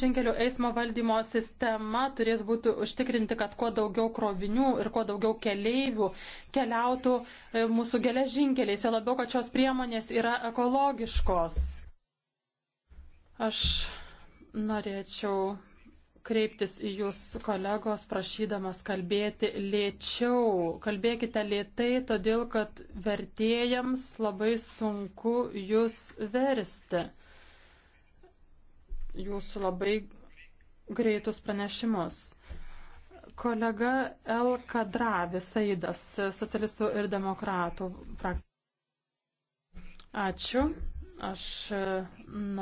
geležinkelių eismo valdymo sistema turės būti užtikrinti, kad kuo daugiau krovinių ir kuo daugiau keleivių keliautų e, mūsų geležinkeliais, jo labiau, kad šios priemonės yra ekologiškos. Aš norėčiau kreiptis į jūs kolegos, prašydamas kalbėti lėčiau. Kalbėkite lėtai, todėl kad vertėjams labai sunku jūs versti jūsų labai greitus pranešimus. Kolega El Kadravi Saidas, socialistų ir demokratų frakcija. Ačiū. Aš e,